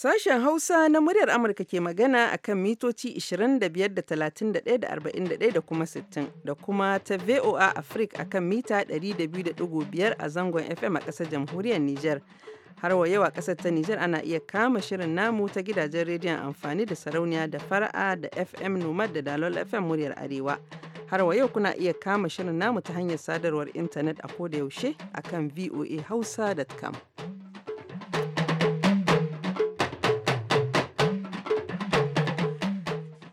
Sashen Hausa na muryar Amurka ke magana a kan mitoci 25 da 31 da 41 da kuma 60 da kuma ta VOA Africa a kan mita 200.5 a zangon FM a ƙasar jamhuriyar Nijar. Har wa yau ƙasar ta Nijar ana iya kama shirin namu ta gidajen rediyon amfani da sarauniya da fara'a da FM Nomad da Dalol FM muryar Arewa. Har wa yau kuna iya kama shirin namu ta hanyar sadarwar intanet a koda yaushe a kan voahausa.com.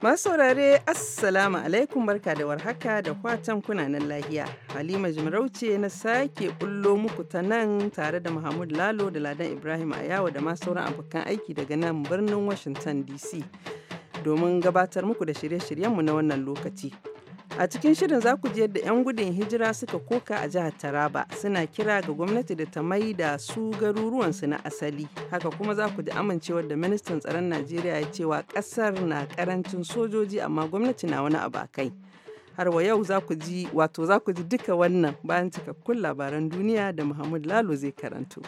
Masu saurare Assalamu alaikum barka da warhaka da kwatan kunanan lahiya. Halima Jimarauce na sake kullo muku ta nan tare da Muhammad Lalo da Ladan Ibrahim Ayawa da ma sauran abokan aiki daga nan birnin Washington DC domin gabatar muku da shirye-shiryenmu na wannan lokaci. A cikin shirin za ku ji yadda 'yan gudun hijira suka koka a jihar Taraba suna kira ga gwamnati da ta mai da su garuruwansu na asali. Haka kuma za ku ji amincewar da ministan tsaron Najeriya ya cewa kasar na karancin sojoji amma gwamnati na wani abu a kai. Har wa yau za ku ji wato za ku ji duka wannan bayan cikakkun labaran duniya da Muhammad Lalo zai karanto.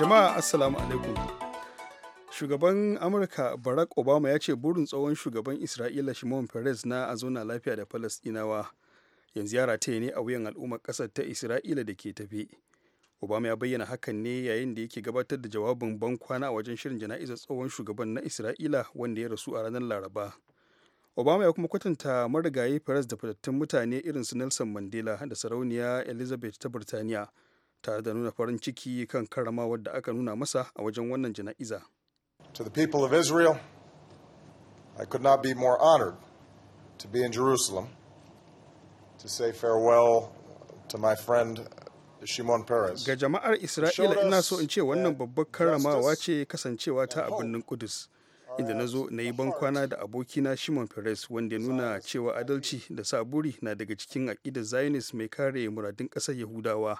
jama'a assalamu alaikum shugaban amurka barack obama ya ce burin tsohon shugaban isra'ila shimon perez na a zauna lafiya da falastinawa yanzu ya rataye ne a wuyan al'ummar ƙasar ta isra'ila da ke tafi obama ya bayyana hakan ne yayin da yake gabatar da jawabin ban kwana a wajen shirin jana'izar tsohon shugaban na isra'ila wanda ya rasu a ranar laraba obama ya kuma kwatanta marigayi perez da fitattun mutane irin su nelson mandela da sarauniya elizabeth ta birtaniya tare da nuna farin ciki kan karama wadda aka nuna masa a wajen wannan jana'iza. To the people of Israel, I could not be more honored to be in Jerusalem to say farewell to my friend Shimon Peres. Ga jama'ar Isra'ila ina so in ce wannan babbar karamawa ce kasancewa ta a birnin Kudus. Inda na zo na yi bankwana da abokina Shimon Peres wanda ya nuna cewa adalci da saburi na daga cikin aƙidar Zionist mai kare muradin ƙasar Yahudawa.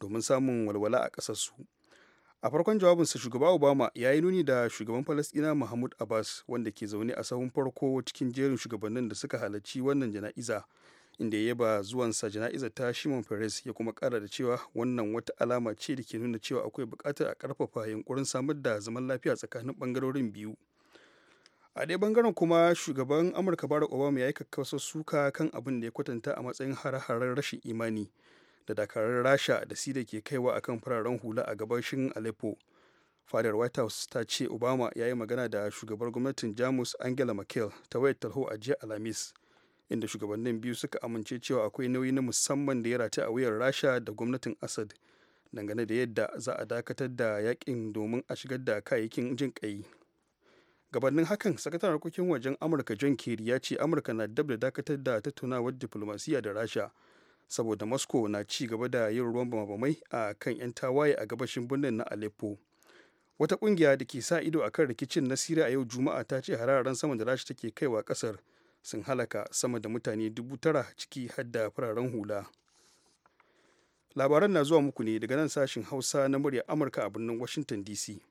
domin samun walwala a ƙasarsu a farkon jawabinsa shugaba obama ya yi nuni da shugaban falasɗina mahmud abbas wanda ke zaune a sahun farko cikin jerin shugabannin da suka halarci wannan jana'iza inda ya yaba zuwansa jana'izar ta shimon peres ya kuma kara da cewa wannan wata alama ce da ke nuna cewa akwai bukatar a karfafa yunkurin samar da zaman lafiya tsakanin bangarorin biyu a dai bangaren kuma shugaban amurka barack obama ya yi kakkasar suka kan abin da ya kwatanta a matsayin hare-haren rashin imani da dakarar rasha da da ke kaiwa akan fararen hula a gabashin aleppo fadar white house ta ce obama ya yi magana da shugabar gwamnatin jamus angela merkel ta wayar talho a jiya alhamis inda shugabannin biyu suka amince cewa akwai nauyi na musamman da ya rata a wuyar rasha da gwamnatin assad dangane da yadda za a dakatar da yakin domin a shigar da kayayyakin jin kai gabanin hakan sakataren harkokin wajen amurka john kerry ya ce amurka na dab da dakatar da tattaunawar diflomasiyya da rasha saboda moscow na ci gaba da yin ruwan bamabamai a kan 'yan tawaye a gabashin birnin na aleppo wata kungiya da ke sa ido a kan rikicin na siriya a yau juma'a ta ce hararen sama da rashi take kaiwa kasar sun halaka sama da mutane dubu tara ciki har da fararen hula labaran na zuwa muku ne daga nan sashin hausa na murya amurka a birnin washington dc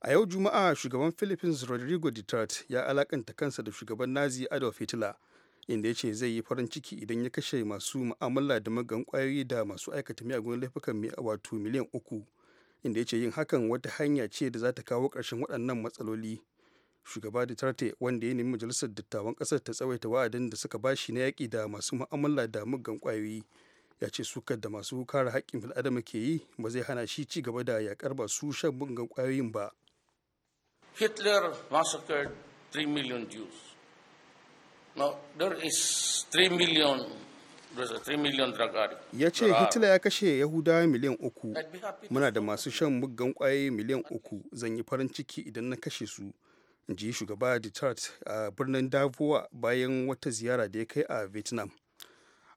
a yau juma'a shugaban philippines rodrigo duterte ya alakanta kansa da shugaban nazi adolf hitler inda ya ce zai yi farin ciki idan ya kashe masu mu'amala da magan kwayoyi da masu aikata miyagun laifukan wato miliyan uku inda ya ce yin hakan wata hanya ce da za ta kawo ƙarshen waɗannan matsaloli shugaba Duterte wanda ya nemi majalisar dattawan ƙasar ta tsawaita wa'adin da suka ba shi na yaƙi da masu mu'amala da muggan kwayoyi ya ce sukar da masu kare haƙƙin bil'adama ke yi ba zai hana shi ci gaba da yaƙar su shan muggan kwayoyin ba. Hitler massacred 3 million Jews. Now, there is 3 million ya ce hitler ya kashe yahuda miliyan uku muna da masu shan muggan kwaye miliyan uku zan yi farin ciki idan na kashe su in ji shugaba duterte a birnin davowa bayan wata ziyara da ya kai a vietnam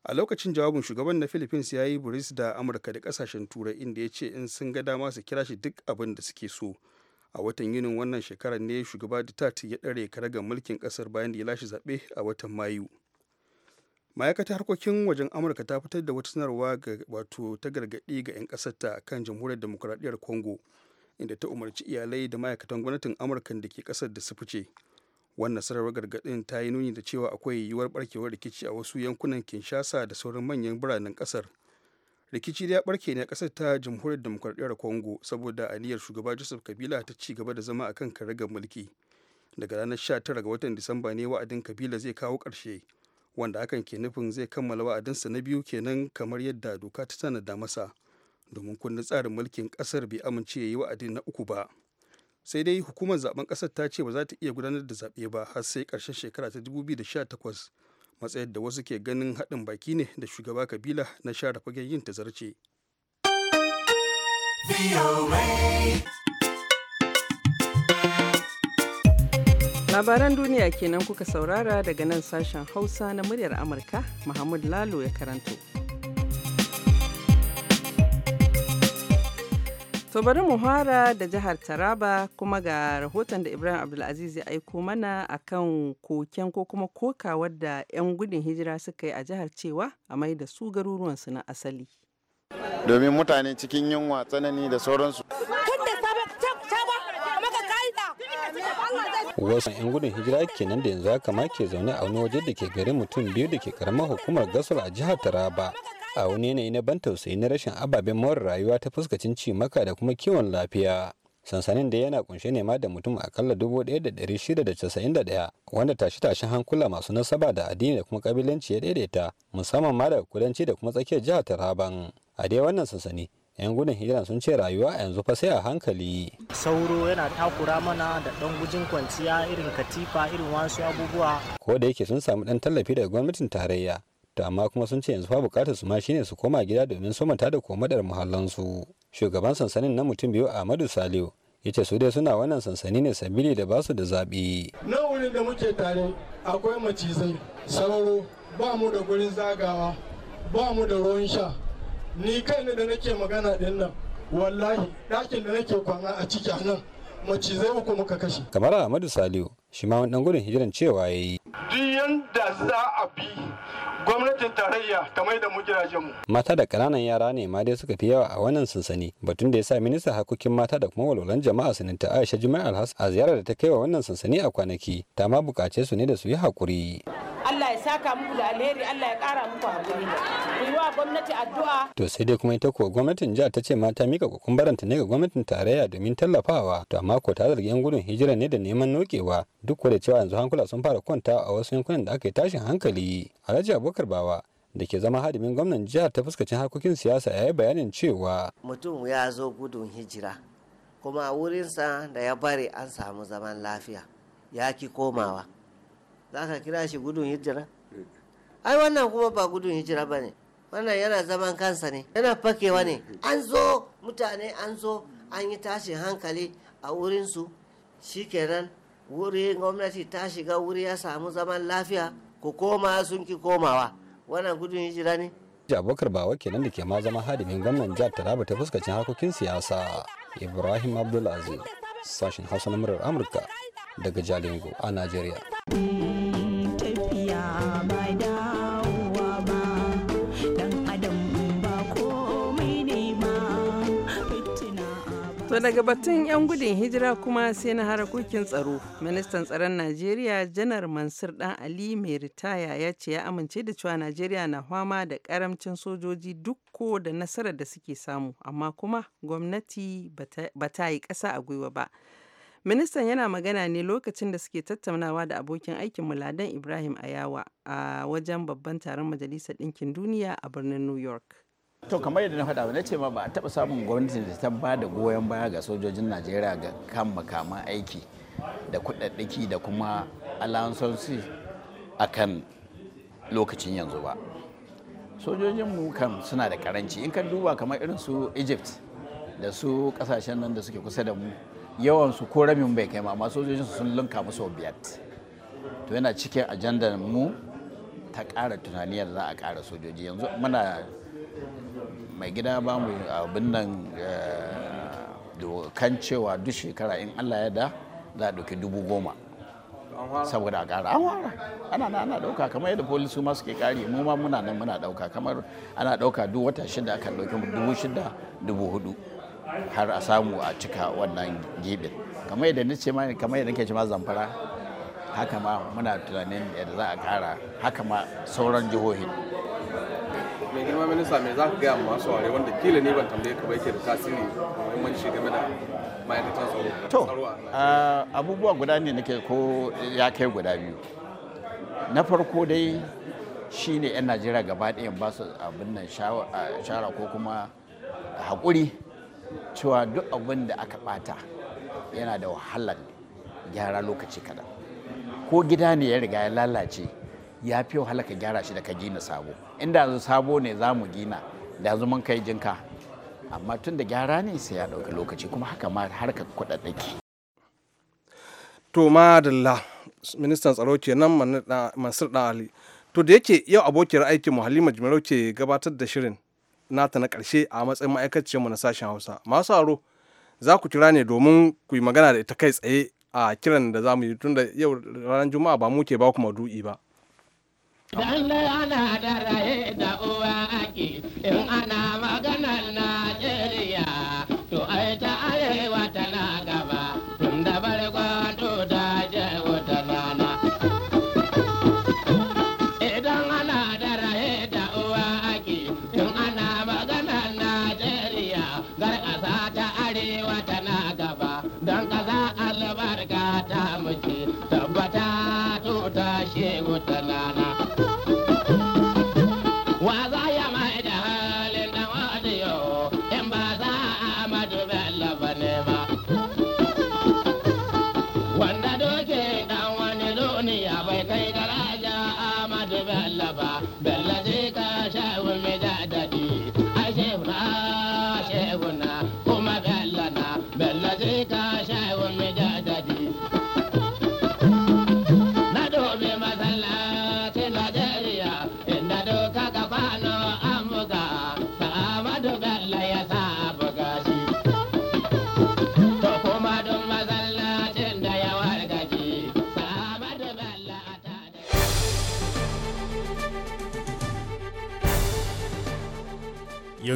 a lokacin jawabin shugaban na philippines ya yi buris da amurka da kasashen turai inda ya ce in sun ga dama su kira shi duk abin da suke so a watan yunin wannan shekarar ne shugaba duterte ya ɗare karagar mulkin ƙasar bayan da ya lashe zaɓe a watan mayu ma'aikatar harkokin wajen amurka ta fitar da wata sanarwa ga wato ta gargaɗi ga 'yan ƙasarta kan jamhuriyar demokuraɗiyyar congo inda ta umarci iyalai da ma'aikatan gwamnatin amurka da ke ƙasar da su fice wannan sanarwar gargaɗin ta yi nuni da cewa akwai yiwuwar barkewar rikici a wasu yankunan kinshasa da sauran manyan biranen ƙasar rikici ya barke ne a kasar ta jamhuriyar demokuraɗiyyar congo saboda aniyar shugaba joseph kabila ta ci gaba da zama akan karagar mulki daga ranar 19 ga watan disamba ne wa'adin kabila zai kawo ƙarshe wanda hakan ke nufin zai kammala wa'adinsa na biyu kenan kamar yadda doka ta tanada masa domin kundin tsarin mulkin kasar bai amince ya yi wa'adin na uku ba sai dai hukumar zaben ƙasar ta ce ba za ta iya gudanar da zaɓe ba har sai ƙarshen shekara ta 2018 matsayar da wasu ke ganin haɗin baki ne da shugaba kabila na share fagen yin tazarce labaran duniya kenan kuka saurara daga nan sashen hausa na muryar amurka muhammad lalo ya karanto To bari mu fara da jihar Taraba kuma ga rahoton da Ibrahim Abdulaziz ya aiko mana akan koken ko kuma kokawar da 'yan gudun hijira suka yi a jihar cewa a mai da su garuruwansu na asali. Domin mutane cikin yunwa tsanani da sauransu. wasu 'yan gudun hijira kenan da yanzu haka ma ke zaune a wani waje da ke garin mutum biyu da ke karamar hukumar gasar a jihar taraba a wani yanayi na ban tausayi na rashin ababen more rayuwa ta fuskacin cimaka da kuma kiwon lafiya sansanin da yana kunshe ne ma da mutum akalla 1691 wanda tashe-tashen hankula masu nasaba da addini da kuma kabilanci ya daidaita musamman ma daga kudanci da kuma tsakiyar jihar taraban a dai wannan sansani 'yan gudun hijira sun ce rayuwa a yanzu fa sai a hankali sauro yana takura mana da dan gujin kwanciya irin katifa irin wasu abubuwa ko da yake sun samu dan tallafi daga gwamnatin tarayya to amma kuma sun ce yanzu fa bukatar su ma shine su koma gida domin su mata da komadar muhallansu shugaban sansanin na mutum biyu Ahmadu Saliu ya ce su dai suna wannan sansani ne sabili da basu da zaɓi. na wurin da muke tare akwai macizai sauro ba mu da gurin zagawa ba mu da ruwan sha ni kai ne da nake magana din wallahi ɗakin da nake kwana a ciki nan macizai uku muka kashe kamar ahmadu saliu shi ma wani gudun hijiran cewa ya yi duk yanda za a bi gwamnatin tarayya ta mai da mu mu mata da ƙananan yara ne ma dai suka fi yawa a wannan sansani batun da ya sa minista harkokin mata da kuma walwalan jama'a saninta aisha jimai alhas a ziyarar da ta kai wa wannan sansani a kwanaki ta ma bukace su ne da su yi hakuri saka muku da alheri Allah ya kara muku hakuri ku yi wa gwamnati addu'a to sai dai kuma ita ko gwamnatin jihar ta ce mata mika ta ne ga gwamnatin tarayya domin tallafawa to amma ko ta zargi yan gudun hijira ne da neman nokewa duk da cewa yanzu hankula sun fara kwanta a wasu yankunan da aka yi tashin hankali Alhaji Abubakar Bawa da ke zama hadimin gwamnan jihar ta fuskacin harkokin siyasa ya yi bayanin cewa mutum ya zo gudun hijira kuma wurinsa da ya bari an samu zaman lafiya ya ki komawa za ka kira shi gudun hijira ai wannan kuma ba gudun hijira ba ne wannan yana zaman kansa ne yana fakewa ne an zo mutane an zo an yi tashin hankali a wurinsu shikenan wuri gwamnati ta shiga wuri ya samu zaman lafiya ku koma sun ki komawa wannan gudun hijira ne abokar bawa kenan da ke ma zama hadimin gwamnan jihar taraba ta fuskacin harkokin siyasa ibrahim abdulaziz sashen hausa na murar amurka daga jalingo a najeriya daga batun 'yan gudun hijira kuma sai na harakokin tsaro. Ministan tsaron Najeriya Janar Mansur Dan Ali mai ritaya ya ce ya amince da cewa Najeriya na fama da karamcin sojoji duk ko da nasarar da suke samu, amma kuma gwamnati ba ta yi ƙasa a gwiwa ba. Ministan yana magana ne lokacin da suke tattaunawa da abokin aikin Muladan Ibrahim Ayawa a wajen babban taron Majalisar Ɗinkin Duniya a birnin New York. to kamar yadda na faɗa na ce ma ba a taɓa samun gwamnati da ta ba da goyon baya ga sojojin najeriya ga kan makaman aiki da kuɗaɗɗaki da kuma alansonsi a kan lokacin yanzu ba sojojinmu kan suna da karanci in kan duba kamar irin su egypt da su kasashen nan da suke kusa da mu yawan su ko ramin bai kai amma sojojin su sun lunka musu biyar to yana cikin ajandar mu ta ƙara tunaniyar za a ƙara sojoji yanzu muna mai gida ba mu eh, abin nan eh, dokan cewa duk shekara in allah ya da za a ɗauki dubu goma saboda a ƙara an wara ana na ana ɗauka kamar yadda polisi ma suke ƙari mu ma muna nan muna ɗauka kamar ana ɗauka duk wata shida akan ɗauki dubu shida dubu hudu har a samu a cika wannan gibin kamar yadda ni ce kamar yadda nake ce ma zamfara haka ma muna tunanin yadda za a ƙara haka ma sauran jihohin mai girma minista mai za ka gaya masu ware wanda kila ne ban tambaye ka ba yake da tasiri muhimmanci game da ma'aikatan tsaro to ah, abubuwa guda ne nake ko ya kai guda biyu na farko dai shine yan najeriya gaba ɗayan ba su abin nan shara ah, ko kuma haƙuri cewa duk abin da aka ɓata yana da wahalar gyara lokaci kaɗan ko gida ne ya riga ya lalace ya fi wahala ka gyara shi da ka gina sabo inda yanzu sabo ne za mu gina da yanzu mun kai jinka amma tun da gyara ne sai ya ɗauki lokaci kuma haka ma harkar kuɗaɗɗaki. to madalla ministan tsaro kenan mansur dan ali to da yake yau abokiyar aikin mu halima jimarau ke gabatar da shirin nata na karshe a matsayin ma'aikaciyar mu na sashen hausa masu aro za ku kira ne domin ku yi magana da ita kai tsaye a kiran da za mu yi tun yau ranar juma'a ba mu ke ba ku madu'i ba Lalle ana da raye da uwa ake in ana maganar na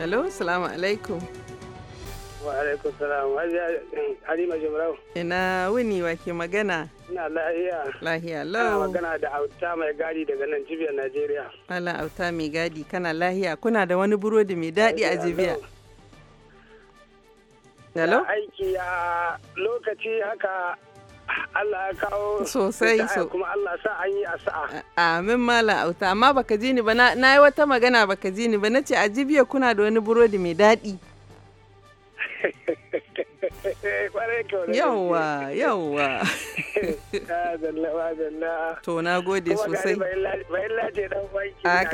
hello salamu alaikum wa alaikum salam halima jimrau ina wuni wa ke magana ina lahiya lahiya Ina magana da auta mai gadi daga nan jibiyar najeriya ala auta mai gadi kana lahiya kuna da wani burodi mai daɗi a jibiya hello aiki a lokaci haka Allah ya kawo sosai so kuma Allah sa an yi asa'a amin mala auta amma baka ji ni ba na yi wata magana baka ji ni ba nace a jibiya kuna da wani burodi mai daɗi yawwa yawwa to na gode sosai a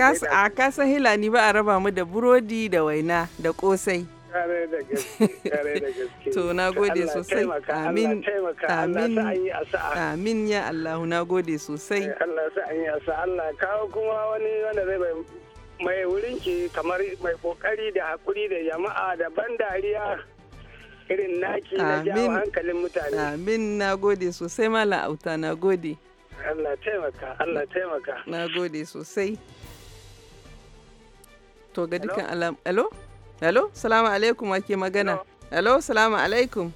kasa ni ba a raba mu da burodi da waina da kosai kare da gaske kare da gaske to na gode sosai amin amin amin ya Allah na gode sosai eh, Allah sa an yi asa Allah kawo kuma wani wanda zai bai mai wurin ki kamar mai kokari da hakuri da jama'a da ban dariya irin naki na jawo hankalin mutane amin na gode sosai mala auta na gode Allah taimaka Allah taimaka na gode sosai to ga dukkan alam alo hello salamu alaikum ke magana hello salamu alaikum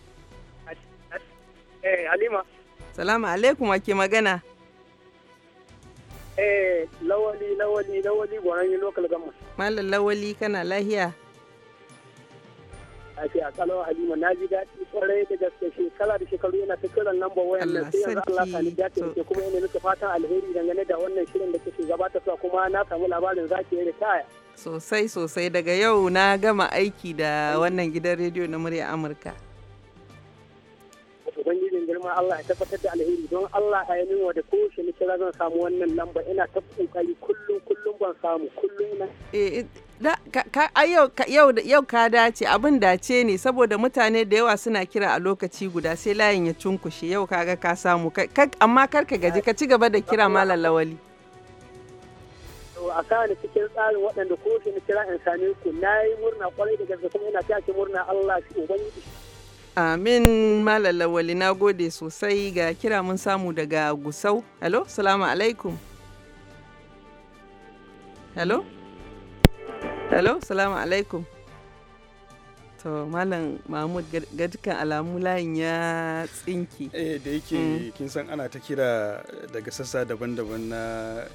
eh halima salamu alaikum ke magana eh lawali lawali lawali gwanan yi lokal gama. malam lawali kana lahiya ake a kalawa halima na ji daɗi kwarai da gaske shekara da shekaru yana ta kiran namba wayan nan sai yanzu Allah ka ni daɗi da kuma yana nuka fatan alheri dangane da wannan shirin da kake gabatarwa kuma na samu labarin zaki yi ritaya Sosai sosai daga yau na gama aiki da wannan gidan rediyo na murya Amurka. Ubangijin girma Allah ya tabbatar da alheri don Allah a yanin wa da kowace ni kira zan samu wannan lamba ina ta kokari kullum kullum ban samu kullum na. eh, eh yau yau ka dace abin dace ne saboda mutane da yawa suna kira a lokaci guda sai layin ya cunkushe yau kaga ka samu amma kar ka gaji ka ci gaba da kira malam lawali. a sani cikin tsarin waɗanda ko shi na kira in same ku na yi murna kwarai da gaske kuma ina tashi murna Allah shi ubangiji Amin Malam wali na gode sosai ga kira mun samu daga Gusau. Hello, salamu alaikum. Hello? salamu alaikum. to malam mahmud ga dukkan alamu layin ya tsinki eh da yake mm. kin san ana ta kira daga sassa daban-daban na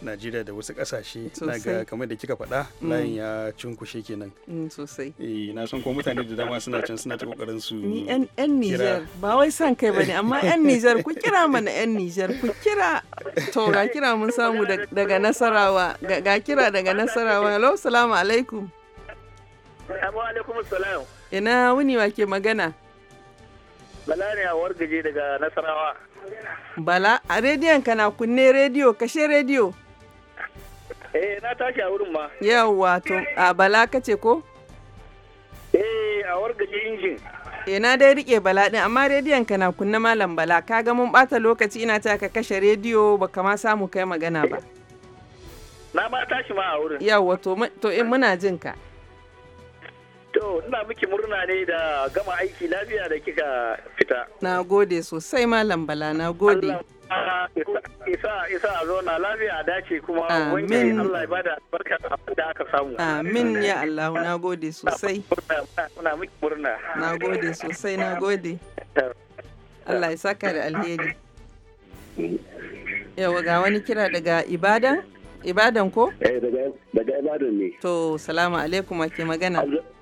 najeriya da wasu kasashe na ga kamar da kika faɗa mm. layin ya cunkushe kenan mm, sosai eh na san ko mutane da dama suna can suna ta kokarin su ni yan nijar ba wai san kai bane amma yan nijar ku kira mana yan nijar ku kira to ga kira mun samu daga nasarawa ga kira daga nasarawa hello salamu alaikum Assalamu alaikum Ina wuni wa ke magana? Bala ne a wargaje daga Nasarawa. Bala, a rediyon ka na kunne rediyo, kashe rediyo. Eh, na tashi a wurin ma. Yawa, to, a bala ka ce ko? Eh, a wargaje injin. Eh, na dai rike bala din, amma rediyon ka na kunne malam bala, ka ga mun bata lokaci ina ta ka kashe rediyo baka ma samu kai magana ba. Na ma tashi ma a wurin. Yawa, to, to in eh, muna jin ka. To, ina miki murna ne da gama aiki lafiya da kika fita. Na gode sosai Malam Bala, na gode. isa isa a na lafiya dace kuma wani Allah ya bada barka da aka samu. Amin ya Allah, na gode sosai. Na miki murna. Na gode sosai, na gode. Allah ya saka da alheri. Yawa ga wani kira daga Ibadan? Ibadan ko? Eh daga Ibadan ne. To, salamu alaikum ake magana.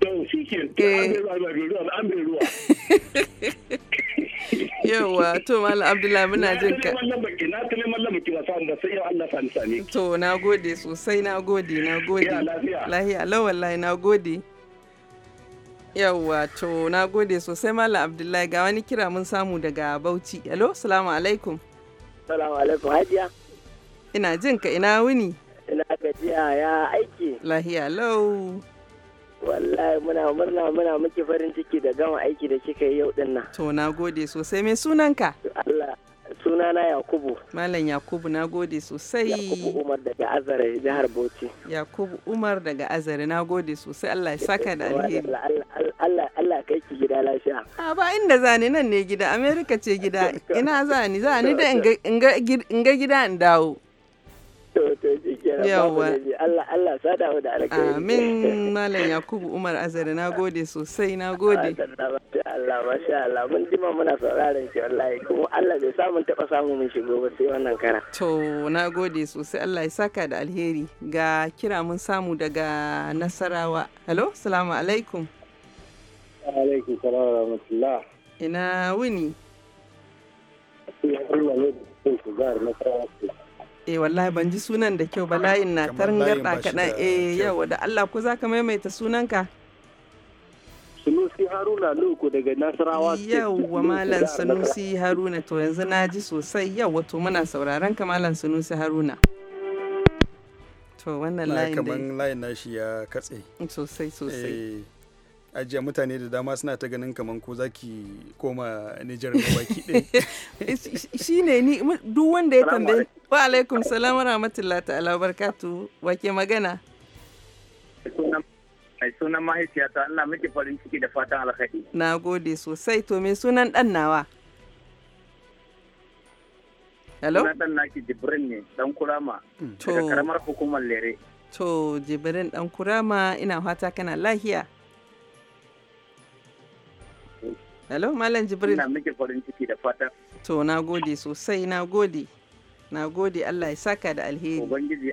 to shi ke eh. an to malam abdullahi muna jin ka na ta neman lamaki ba samu ba sai yau Allah sani sani to na gode sosai na gode na gode lahiya lawallahi na gode yawa to na gode sosai malam abdullahi ga wani kira mun samu daga bauchi alo salamu alaikum salamu alaikum hajiya ina jin ka ina wuni ina gajiya ya aiki lahiya lau wallahi muna murna muna muke farin ciki da gama aiki da kika yi yau dinnan to na gode sosai mai sunanka Allah sunana yakubu malam yakubu na gode sosai yakubu umar daga azare jihar bauchi yakubu umar daga azare na gode sosai allah ya saka da alheri allah allah kai ki gida lafiya a ba inda zani nan ne gida america ce gida ina zani zani da in ga gida in dawo yawwa Allah Allah sada da alkhairi amin malam yakubu umar azare gode sosai na gode. Allah masha Allah mun jima muna sauraron shi wallahi kuma Allah bai samu taba samu mun shigo ba sai wannan kara to na gode sosai Allah ya saka da alheri ga kira mun samu daga nasarawa hello salamu alaikum alaikum salam wa rahmatullah ina wuni Allah ne da su nasarawa eh wallahi ban ji sunan da kyau ba layin na tangarda kaɗan eh yawa da Allah ko za ka maimaita sunanka Sunusi Haruna Luku daga Nasarawa wa Malam Sunusi Haruna to yanzu na ji sosai yau to muna sauraron ka Malam Sunusi Haruna. To wannan layin da. Kaman layin nashi ya katse. Sosai sosai. Eh, ajiya mutane da dama suna ta ganin kamar ko zaki koma Nijar ga baki ɗaya. Shi ne ni duk wanda ya tambaye. Wa alaikum salam wa rahmatullahi ta'ala barkatu wake magana. Mai sunan mahaifiyata Allah miki farin ciki da fatan alkhairi. Na gode sosai to mai sunan ɗan nawa? Hello? Sunan ɗan naki Jibrin ne ɗan kurama. Daga karamar hukumar lere. To Jibrin ɗan kurama ina fata kana lahiya. Hello, Malam Jibril. Ina miki farin ciki da fata. To, na gode sosai, na gode. Na gode Allah ya saka da alheri. Ubangiji,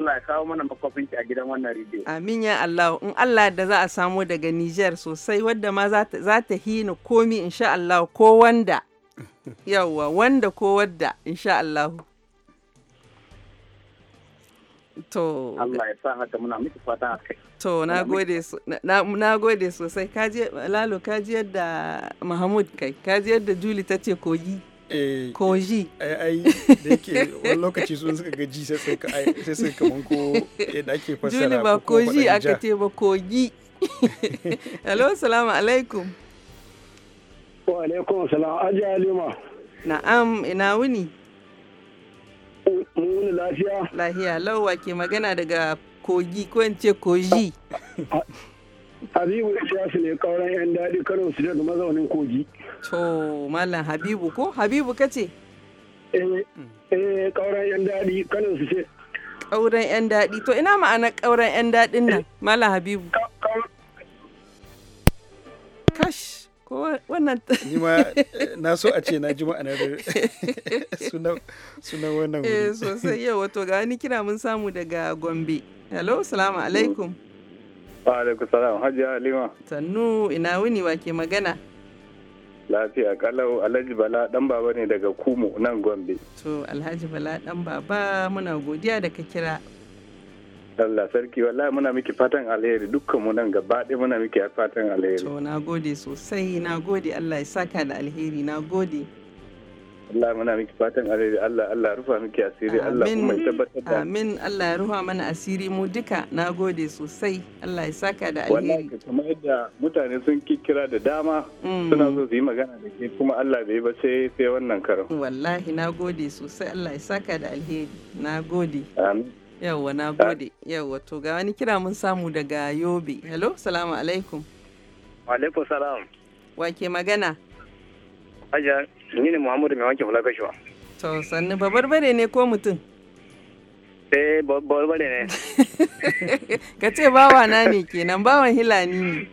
Allah ya kawo mana makwafinki a gidan wannan rediyo. Amin ya Allah, in Allah da za a samo daga Nijar sosai wadda ma za ta hina komi insha Allah ko wanda. Yawwa, wanda ko wadda insha Allah. To. Allah ya sa haka muna miki fata a kai. To na gode sosai kaji Lalo kaji yadda Mahmud kai kaji yadda Julie ta ce kogi. Eh, koji. Ai eh, ai da yake wani lokaci sun suka gaji sai sai suka kaman ko yadda ake fasara. Julie ba koji aka ce ba kogi. Hello salamu alaikum. Wa alaikum salamu Aji Halima. Na'am ina wuni. Lahiya, lafiya. Lafiya lauwa ke magana daga kogi ko in ce koji. Habibu Ishasu ne kauran 'yan daɗi karo su daga mazaunin kogi. To, Malam Habibu ko? Habibu ka ce? Eh, eh kauran 'yan daɗi karo su ce. Kauran 'yan daɗi. To, ina ma'ana kauran 'yan daɗin nan, Malam Habibu? wannan ni ma na so a ce na ji ma'anar sunan wannan eh sosai yau wato ga wani kira mun samu daga Gombe hello salamu alaikum wa alaikum salam hajiya halima sannu ina wuni wa ke magana lafiya kalau alhaji bala dan baba ne daga kumu nan gombe to alhaji bala dan baba muna godiya da ka kira Allah sarki wallahi muna miki fatan alheri dukkan mu nan gaba ɗaya muna miki fatan alheri. To na gode sosai na gode Allah ya saka da alheri na gode. Allah muna miki fatan alheri Allah Allah rufa miki asiri Allah kuma tabbatar da Amin Allah ya rufa mana asiri mu duka na gode sosai Allah ya saka da alheri. Wallahi kamar yadda mutane sun kikira da dama mm. suna so su yi magana da ke kuma Allah bai ba sai sai wannan karo. Wallahi na gode sosai Allah ya saka da alheri na gode. Amin. Yawwa na gode. Yawwa to ga wani kira mun samu daga Yobe. Hello, salamu alaikum. Wa alaikum salam. Wa ke magana? Aja, ni ne Muhammadu mai wanke hula To sannu bare ne ko mutum? Eh, bare ne. Ka ce bawa na ne kenan, bawan hilani ne.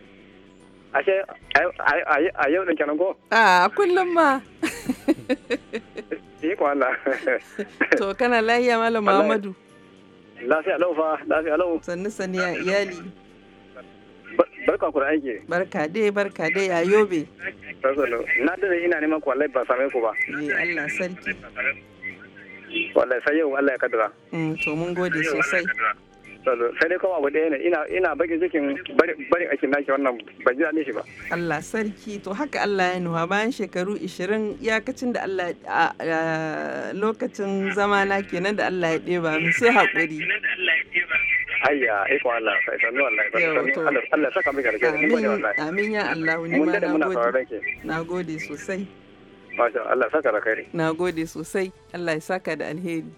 Ashe, a yau da kenan ko? A kullum ma. Yi kwana. To kana lahiya Malam Muhammadu. Lafiya lau fa, lafiya lau. Sannu sannu ya iyali. Barka ku da aiki. Barka dai, barka dai ya yobe. Na dade ina neman ku wallahi ba same ku ba. Eh Allah sarki. Wallahi sai yau Allah ya kadara. Eh, to mun gode sosai. salo sai dai kawai abu ɗaya ne ina ina bakin cikin barin aikin naki wannan ban ji daɗin shi ba Allah sarki to haka Allah ya nuha bayan shekaru 20 iyakacin da Allah lokacin zama na kenan da Allah ya ɗeba mu sai haƙuri Hayya, iko Allah, sai sannu Allah, Allah saka mika da ni gode wallahi. Amin ya Allah, ni ma na gode. Na gode sosai. Masha Allah saka da kai. Na gode sosai. Allah ya saka da alheri.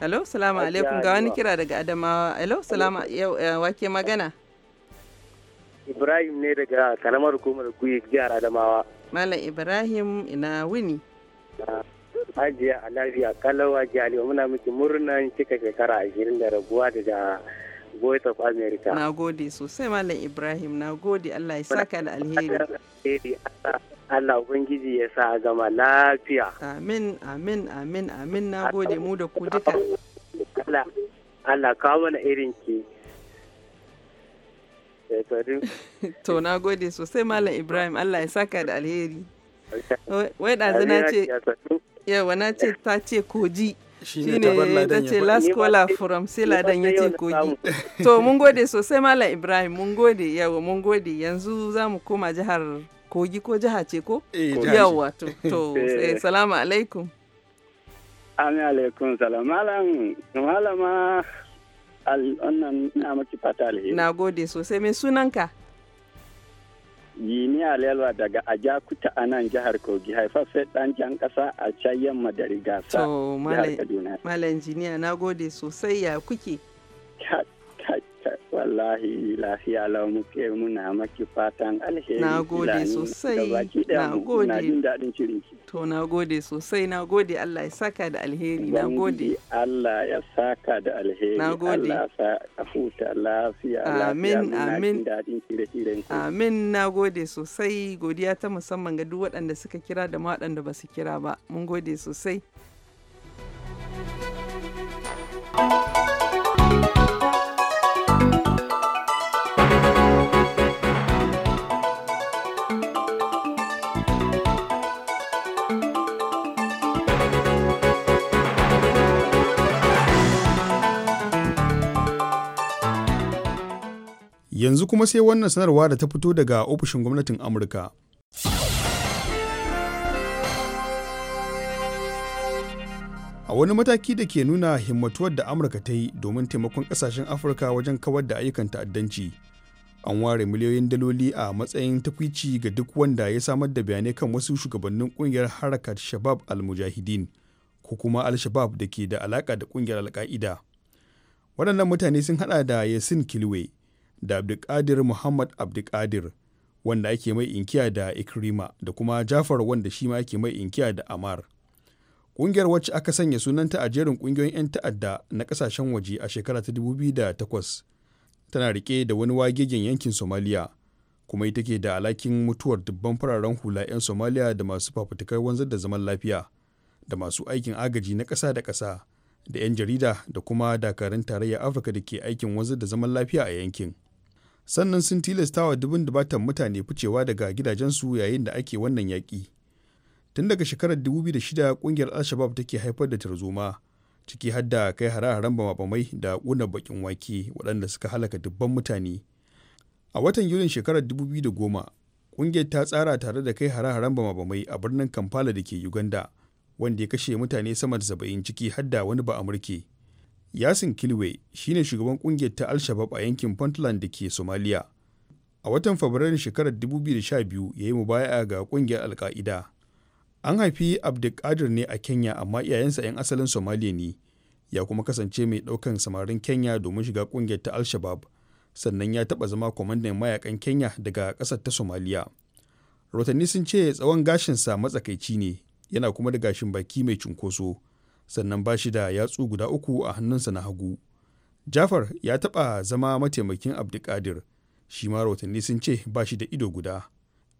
Hello, salamu alaikum ga wani kira daga Adamawa. Hello, salamu eh, wake magana. Ibrahim ne daga kalamar hukumar Kuyi jihar Adamawa. Malam Ibrahim ina wuni. Ajiya a lafiya kalawa jali muna miki murnan cika shekara ashirin da rabuwa daga Voice of America. Na gode sosai Malam Ibrahim, na gode Allah ya saka da alheri. Allah Ubangiji ya sa gama lafiya. Amin, amin, amin, amin na gode mu da ku duka. Allah, Allah kawo mana irin ki. Eh, to na gode sosai Malam Ibrahim, Allah ya saka da alheri. Wai ɗazu na ce, yawa na ce ta ce koji. Shi ne ta ce last caller from siladan ya ce koji. to mun gode sosai malam ibrahim mun gode yawa mun gode yanzu za mu koma jihar kogi ko jiha ce ko? Eh, Yawa to, to eh. Eh, salamu alaikum. Amin alaikum salam. Malam, malama wannan na maki fata alheri. Na gode sosai. mai sunanka? Yini Alelwa daga Ajakuta a nan jihar Kogi sai dan jan ƙasa a can yamma da Rigasa. To, Malam Injiniya, na gode sosai ya kuke. wallahi lafiya lau muke muna maki fatan alheri na gode sosai na gode na jin daɗin shirin ki to na gode sosai na gode Allah ya saka da alheri na gode Allah ya saka da alheri na gode Allah ya huta lafiya amin amin amin na gode sosai godiya ta musamman ga duk waɗanda suka kira da waɗanda ba su kira ba mun gode sosai thank you yanzu kuma sai wannan sanarwa da ta fito daga ofishin gwamnatin amurka a wani mataki da ke nuna himmatuwar da amurka ta yi domin taimakon kasashen afirka wajen kawar da ayyukan ta'addanci an ware miliyoyin daloli a matsayin tafici ga duk wanda ya samar da bayanai kan wasu shugabannin kungiyar harakat shabab al-mujahideen ko kuma al-shabab da ke da alaka da kungiyar al kaida waɗannan mutane sun haɗa da yasin kilwe da abdulkadir muhammad abdulkadir wanda ake mai inkiya da ikrima da kuma jafar wanda shi ma ake mai inkiya da amar ƙungiyar wacce aka sanya sunanta a jerin ƙungiyoyin 'yan ta'adda na ƙasashen waje a shekara ta dubu biyu da takwas tana rike da wani wagegen yankin somaliya kuma ita ke da alakin mutuwar dubban fararen hula 'yan somaliya da masu fafutukar wanzar da zaman lafiya da masu aikin agaji na ƙasa da ƙasa da 'yan jarida da kuma dakarun tarayyar afirka da ke aikin wanzar da zaman lafiya a yankin. sannan sun tilasta wa dubin dubatan mutane ficewa daga gidajensu yayin da ake wannan yaƙi tun daga shekarar 2006 ƙungiyar al-shabab take haifar da tarzoma ciki har da kai hare-haren bamabamai da ƙuna bakin wake waɗanda suka halaka dubban mutane a watan yulin shekarar 2010 ƙungiyar ta tsara tare da kai hare-haren bamabamai a birnin kampala da ke uganda wanda ya kashe mutane sama da saba'in ciki har da wani ba'amurke. Yasin Kilwe shine shugaban kungiyar ta Al-Shabab a yankin Puntland da ke Somalia. A watan Fabrairun shekarar 2012 ya yi mubaya'a ga kungiyar Al-Qaida. An haifi Abdulkadir ne a Kenya amma iyayensa 'yan asalin Somalia ne. Ya kuma kasance mai ɗaukan samarin Kenya domin shiga kungiyar ta Al-Shabab. Sannan ya taɓa zama kwamandan mayakan Kenya daga ƙasar ta Somalia. Rotanni sun ce tsawon gashinsa matsakaici ne, yana kuma da gashin baki mai cunkoso. sannan ba shi da yatsu guda uku a hannunsa na hagu jafar ya taɓa zama mataimakin abdulkadir shi ma rahotanni sun ce ba shi da ido guda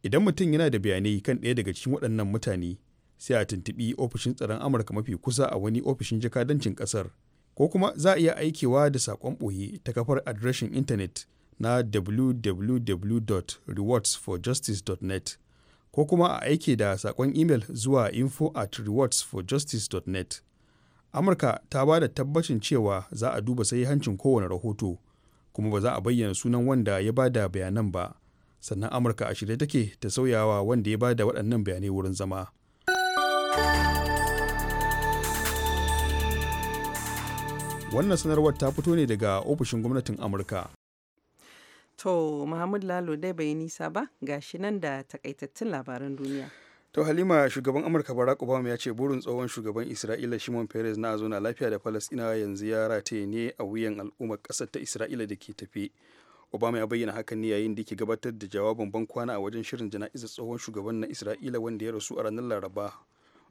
idan mutum yana da bayanai kan ɗaya daga cikin waɗannan mutane sai a tuntuɓi ofishin tsaron amurka mafi kusa a wani ofishin jakadancin ƙasar ko kuma za a iya aikewa da saƙon ɓoye ta kafar adireshin intanet na www.rewardsforjustice.net ko kuma a aike da saƙon imel zuwa info at rewardsforjustice.net amurka ta ba da tabbacin cewa za a duba hancin kowane rahoto kuma ba za a bayyana sunan wanda ya ba da bayanan ba sannan amurka a shirye take ta sauyawa wanda ya ba da waɗannan bayanai wurin zama wannan sanarwar ta fito ne daga ofishin gwamnatin amurka to muhammadu lalo dai bai nisa ba ga shi nan da takaitattun labaran duniya To Halima shugaban Amurka Barack Obama ya ce burin tsohon shugaban Isra'ila Shimon Peres na na lafiya da Falasɗinawa yanzu ya rataye ne a wuyan al'ummar ƙasar ta Isra'ila da ke tafi. Obama ya bayyana hakan ne yayin da ke gabatar da jawabin ban kwana a wajen shirin jana'izar tsohon shugaban na Isra'ila wanda ya rasu a ranar Laraba.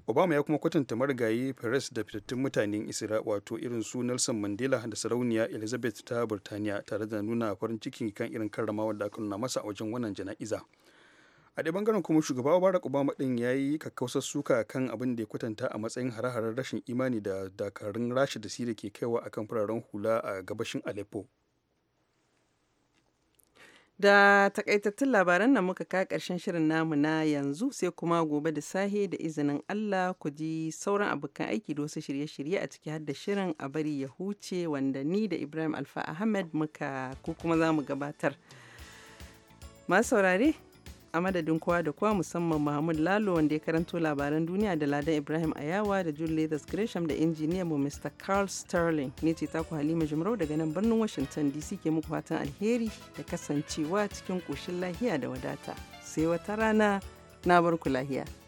Obama ya kuma kwatanta marigayi Peres da fitattun mutanen isra wato irin su Nelson Mandela da sarauniya Elizabeth ta Burtaniya tare da nuna farin cikin kan irin karramawar da aka nuna masa a wajen wannan jana'iza. a ɗaya bangaren kuma shugaba barack obama ɗin ya yi kakkausar suka kan abin da ya kwatanta a matsayin hare-haren rashin imani da dakarun rasha da siriya ke kaiwa akan fararen hula a gabashin aleppo da takaitattun labaran nan muka ka karshen shirin namu na yanzu sai kuma gobe da sahe da izinin Allah ku ji sauran abokan aiki da wasu shirye-shirye a ciki har da shirin a bari ya huce wanda ni da Ibrahim Alfa Ahmed muka ko kuma za mu gabatar. Masu saurare a madadin kowa da kowa musamman Mahmud Lalo wanda ya karanto labaran duniya da Ladan Ibrahim Ayawa da June Leathers Gresham da injiniyan mu Mr. Carl Sterling ne ce taku Halima Jumrau daga nan birnin Washington DC ke muku fatan alheri da kasancewa cikin koshin lahiya da wadata. Sai wata rana na barku lahiya.